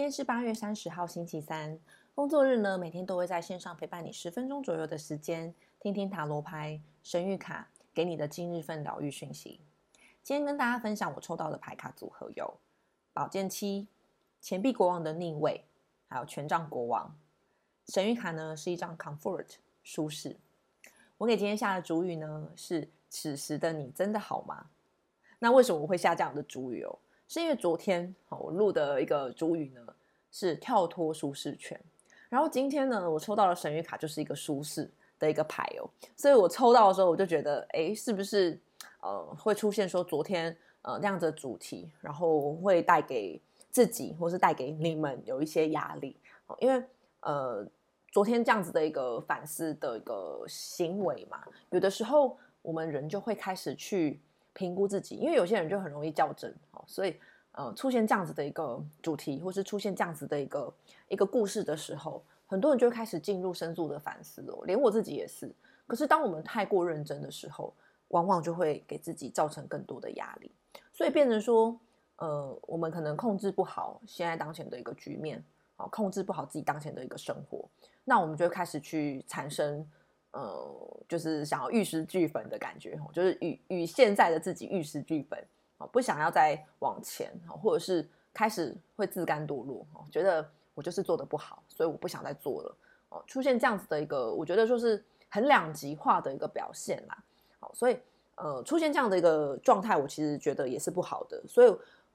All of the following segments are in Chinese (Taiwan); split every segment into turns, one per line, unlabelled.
今天是八月三十號，星期三，工作日呢，每天都會在線上陪伴你十分鐘左右的時間，聽聽塔羅牌、神諭卡給你的今日份療癒訊息。今天跟大家分享我抽到的牌卡組合有寶劍七、錢幣國王的逆位，還有權杖國王。神諭卡呢是一張 Comfort，舒適。我給今天下的主語呢是此時的你真的好嗎？那為什麼我會下這樣的主語哦？是因為昨天我錄的一個主語呢是跳脫舒適圈，然後今天呢，我抽到了神諭卡就是一個舒適的一個牌哦，所以我抽到的時候我就覺得，哎，是不是呃會出現說昨天呃這樣子的主題，然後會帶給自己或是帶給你們有一些壓力哦，因為呃昨天這樣子的一個反思的一個行為嘛，有的時候我們人就會開始去。評估自己，因為有些人就很容易較真哦，所以呃出現這樣子的一個主題，或是出現這樣子的一個一個故事的時候，很多人就會開始進入深度的反思哦，連我自己也是。可是當我們太過認真的時候，往往就會給自己造成更多的壓力，所以變成說，呃，我們可能控制不好現在當前的一個局面，好、哦，控制不好自己當前的一個生活，那我們就開始去產生。呃，就是想要玉石俱焚的感覺，就是與與現在的自己玉石俱焚，不想要再往前，或者是開始會自甘墮落，覺得我就是做的不好，所以我不想再做了哦。出現這樣子的一個，我覺得就是很兩極化的一個表現啦。所以呃，出現這樣的一個狀態，我其實覺得也是不好的。所以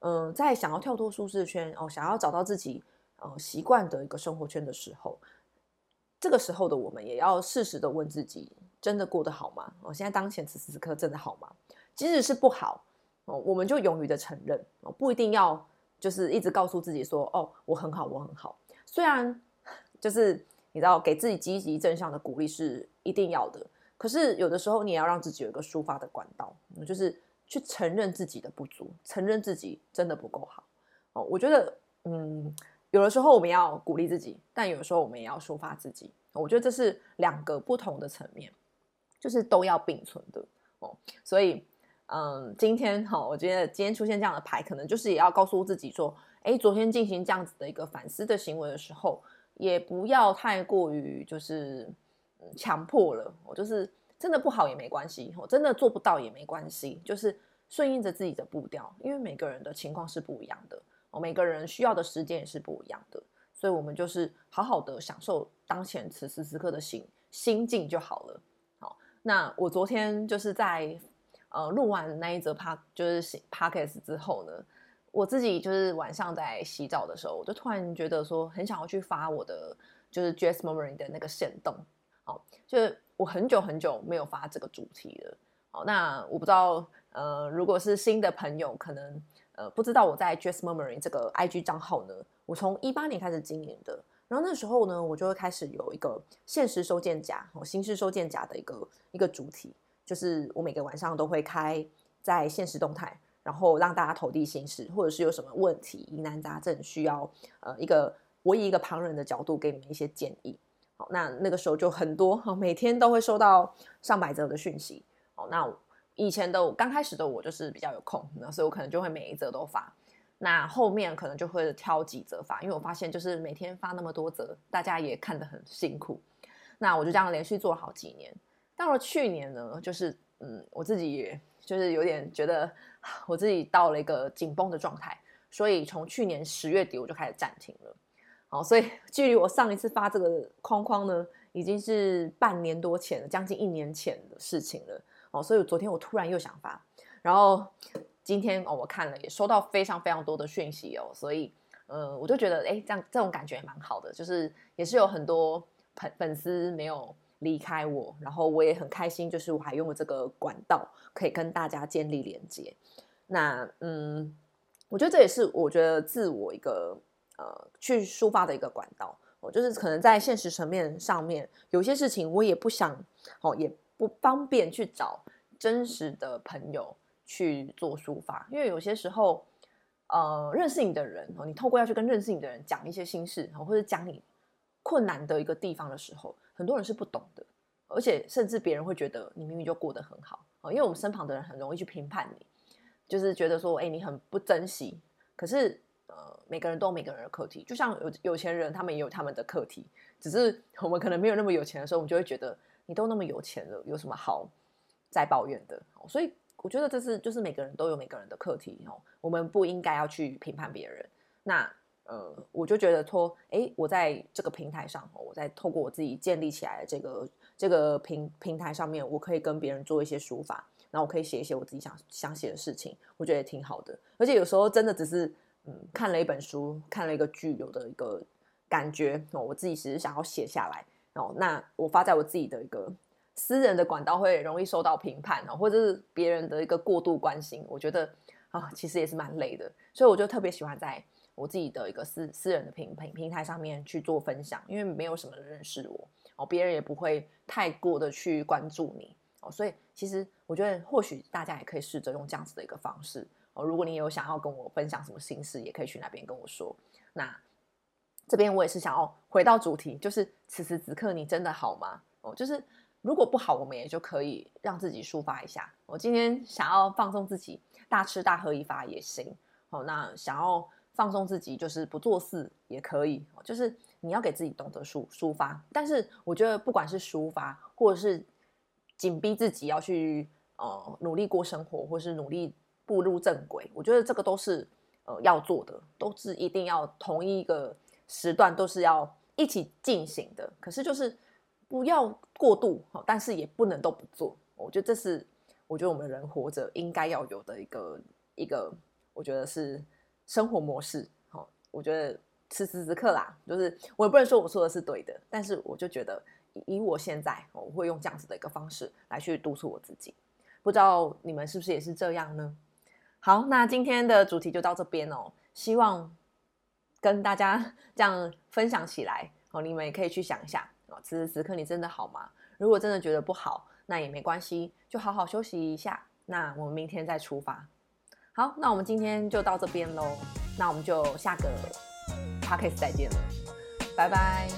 嗯、呃，在想要跳脫舒適圈，哦、呃，想要找到自己呃習慣的一個生活圈的時候。這個時候的我們也要適時的問自己：真的過得好嗎？我現在當前此時此刻真的好嗎？即使是不好，哦，我們就勇於的承認哦，不一定要就是一直告訴自己說哦，我很好，我很好。雖然就是你知道給自己積極正向的鼓勵是一定要的，可是有的時候你也要讓自己有一個抒發的管道，就是去承認自己的不足，承認自己真的不夠好。哦，我覺得，嗯。有的時候我們要鼓勵自己，但有的時候我們也要抒發自己。我覺得這是兩個不同的層面，就是都要並存的哦。所以，嗯，今天哈、哦，我覺得今天出現這樣的牌，可能就是也要告訴自己說，哎，昨天進行這樣子的一個反思的行為的時候，也不要太過於就是強迫了。我、哦、就是真的不好也沒關係，我、哦、真的做不到也沒關係，就是順應着自己的步調，因為每個人的情況是不一樣的。每個人需要的時間也是不一樣的，所以我們就是好好的享受當前此時此刻的心心境就好了。好，那我昨天就是在呃錄完那一則 p 就是 podcast 之後呢，我自己就是晚上在洗澡的時候，我就突然覺得說很想要去發我的就是 JsMurmuring 的那個限動，好，就是我很久很久沒有發這個主題了。好，那我不知道呃，如果是新的朋友可能。呃，不知道我在 Js Murmuring 這個 I G 賬號呢，我從一八年開始經營的。然後那時候呢，我就會開始有一個限時收件夾，哦，心事收件夾的一個一個主題。就是我每個晚上都會開在限時動態，然後讓大家投遞心事，或者是有什麼問題疑難雜症需要，呃，一個我以一個旁人的角度給你們一些建議。好，那那個時候就很多，每天都會收到上百則的訊息。好，那我以前的我，剛開始的我就是比較有空，那所以我可能就會每一則都發，那後面可能就會挑幾則發，因為我發現就是每天發那麼多則，大家也看得很辛苦。那我就這樣連續做好幾年，到了去年呢，就是嗯，我自己也就是有點覺得我自己到了一個緊繃的狀態，所以從去年十月底我就開始暫停了。好，所以距離我上一次發這個框框呢，已經是半年多前了，將近一年前的事情了。哦，所以昨天我突然又想發，然後今天哦，我看了也收到非常非常多的訊息哦，所以嗯、呃，我就覺得哎，這樣這種感覺也蠻好的，就是也是有很多粉粉絲沒有離開我，然後我也很開心，就是我還用了這個管道可以跟大家建立連接。那嗯，我覺得這也是我覺得自我一個呃去抒發的一個管道，我、哦、就是可能在現實層面上面有些事情我也不想哦也。不方便去找真實的朋友去做抒發，因為有些時候，呃，認識你的人，你透過要去跟認識你的人講一些心事，或者講你困難的一個地方的時候，很多人是不懂的，而且甚至別人會覺得你明明就過得很好，因為我們身旁的人很容易去評判你，就是覺得說，誒、欸，你很不珍惜。可是，呃，每個人都有每個人的課題，就像有有錢人，他們也有他們的課題，只是我們可能沒有那麼有錢的時候，我們就會覺得。你都那麼有錢了，有什麼好再抱怨的？所以我覺得這是就是每個人都有每個人的課題哦，我們不應該要去評判別人。那呃，我就覺得說，誒，我在這個平台上，我在透過我自己建立起來的這個這個平平台上面，我可以跟別人做一些書法，然後我可以寫一些我自己想想寫的事情，我覺得也挺好的。而且有時候真的只是嗯，看了一本書，看了一個劇，有的一個感覺哦，我自己只是想要寫下來。哦，那我發在我自己的一個私人的管道會容易受到評判哦，或者是別人的一個過度關心，我覺得啊，哦，其實也是蠻累的，所以我就特別喜歡在我自己的一個私私人的平平平台上面去做分享，因為沒有什麼人認識我哦，別人也不會太過的去關注你哦，所以其實我覺得或許大家也可以試着用這樣子的一個方式哦，如果你有想要跟我分享什麼心事，也可以去那邊跟我說，那。這邊我也是想要、哦、回到主題，就是此時此刻你真的好嗎？哦，就是如果不好，我們也就可以讓自己抒發一下。我、哦、今天想要放鬆自己，大吃大喝一發也行。哦，那想要放鬆自己，就是不做事也可以。哦，就是你要給自己懂得抒抒發。但是我覺得，不管是抒發，或者是緊逼自己要去哦、呃、努力過生活，或者是努力步入正軌，我覺得這個都是呃要做的，都是一定要同一個。時段都是要一起進行的，可是就是不要過度，但是也不能都不做。我覺得這是，我覺得我們人活着應該要有的一個一個，我覺得是生活模式。我覺得此時此刻啦，就是我也不能說我說的是對的，但是我就覺得以我現在，我會用這樣子的一個方式來去督促我自己。不知道你們是不是也是這樣呢？好，那今天的主題就到這邊哦、喔，希望。跟大家這樣分享起來，你們也可以去想一下。此時此刻你真的好嗎？如果真的覺得不好，那也沒關係，就好好休息一下。那我們明天再出發。好，那我們今天就到這邊嘍。那我們就下個 podcast 再見了，拜拜。